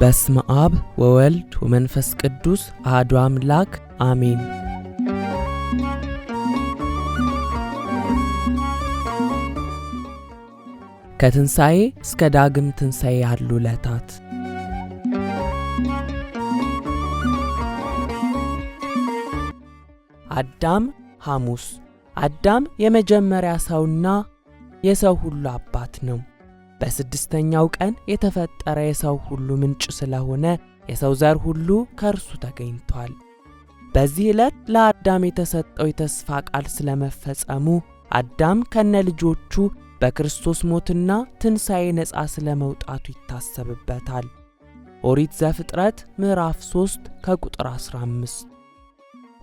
በስመ አብ ወወልድ ወመንፈስ ቅዱስ አሐዱ አምላክ አሜን። ከትንሣኤ እስከ ዳግም ትንሣኤ ያሉ ዕለታት አዳም ሐሙስ። አዳም የመጀመሪያ ሰውና የሰው ሁሉ አባት ነው። በስድስተኛው ቀን የተፈጠረ የሰው ሁሉ ምንጭ ስለሆነ የሰው ዘር ሁሉ ከእርሱ ተገኝቷል። በዚህ ዕለት ለአዳም የተሰጠው የተስፋ ቃል ስለመፈጸሙ አዳም ከነ ልጆቹ በክርስቶስ ሞትና ትንሣኤ ነፃ ስለ መውጣቱ ይታሰብበታል። ኦሪት ዘፍጥረት ምዕራፍ 3 ከቁጥር 15።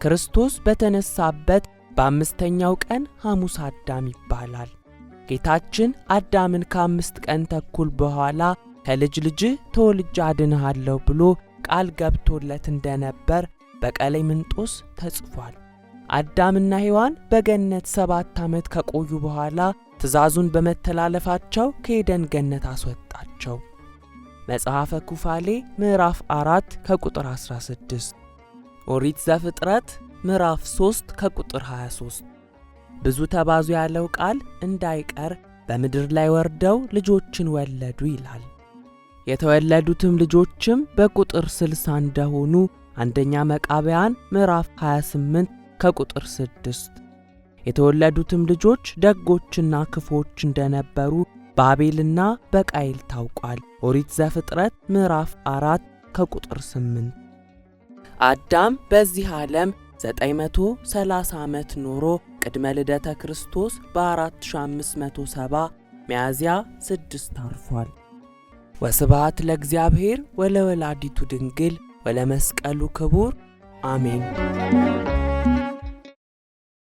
ክርስቶስ በተነሳበት በአምስተኛው ቀን ሐሙስ አዳም ይባላል። ጌታችን አዳምን ከአምስት ቀን ተኩል በኋላ ከልጅ ልጅ ተወልጄ አድንሃለሁ ብሎ ቃል ገብቶለት እንደነበር በቀሌምንጦስ ተጽፏል። አዳምና ሔዋን በገነት ሰባት ዓመት ከቆዩ በኋላ ትእዛዙን በመተላለፋቸው ከኤደን ገነት አስወጣቸው። መጽሐፈ ኩፋሌ ምዕራፍ 4 ከቁጥር 16፣ ኦሪት ዘፍጥረት ምዕራፍ 3 ከቁጥር 23 ብዙ ተባዙ ያለው ቃል እንዳይቀር በምድር ላይ ወርደው ልጆችን ወለዱ ይላል። የተወለዱትም ልጆችም በቁጥር 60 እንደሆኑ አንደኛ መቃብያን ምዕራፍ 28 ከቁጥር 6 የተወለዱትም ልጆች ደጎችና ክፎች እንደነበሩ በአቤልና በቃይል ታውቋል። ኦሪት ዘፍጥረት ምዕራፍ 4 ከቁጥር 8 አዳም በዚህ ዓለም 930 ዓመት ኖሮ ቅድመ ልደተ ክርስቶስ በ4570 ሚያዝያ 6 አርፏል። ወስብሐት ለእግዚአብሔር ወለወላዲቱ ድንግል ወለመስቀሉ ክቡር አሜን።